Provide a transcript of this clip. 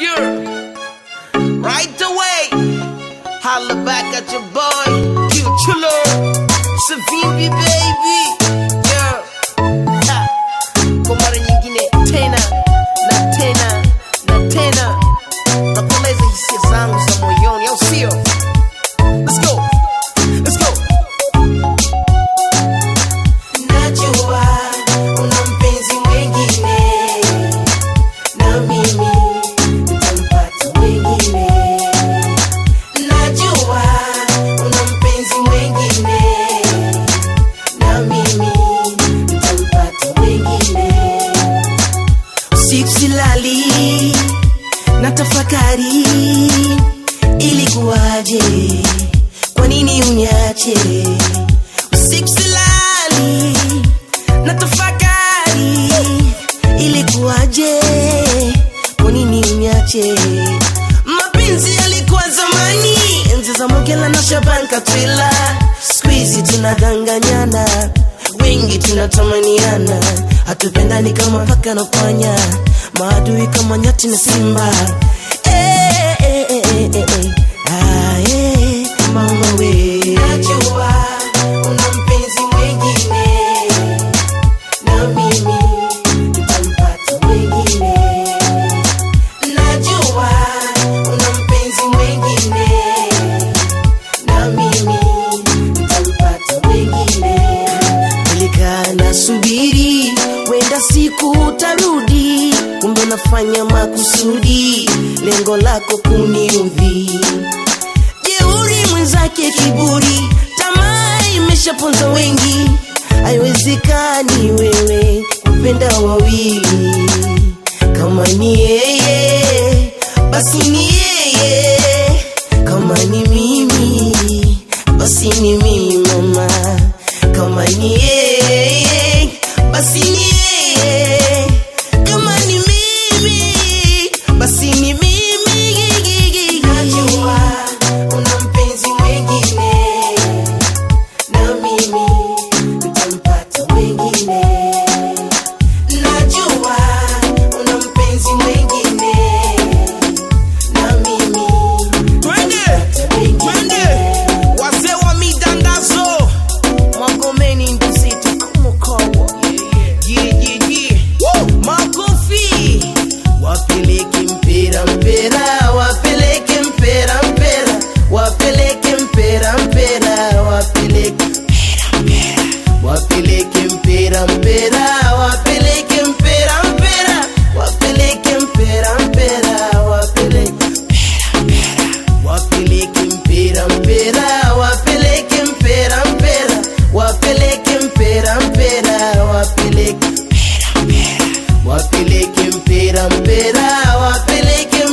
You're right away. Holla back at your boy, Q Chulo, Savimbi, baby. silali na tafakari ilikuwaje kwa nini unyache usikusilali na tafakari ilikuwaje kwa nini unyache mapenzi yalikuwa zamani enzi za mogela na shaban katwila skuizi tunadanganyana wengi tunatamaniana hatupendani kama paka na panya maadui kama nyati na simba hey, eh, eh, hey, eh, hey, hey, hey. unafanya makusudi, lengo lako kuniudhi. Jeuri mwenzake kiburi, tamaa imeshaponza wengi. Haiwezekani wewe kupenda wawili, kama ni yeye basi ni yeye, kama ni mimi basi ni mimi. wapeleke mpira mpira wapeleke mpira mpira wapeleke mpira mpira wapeleke wapeleke mpira mpira wapeleke mpira mpira wapeleke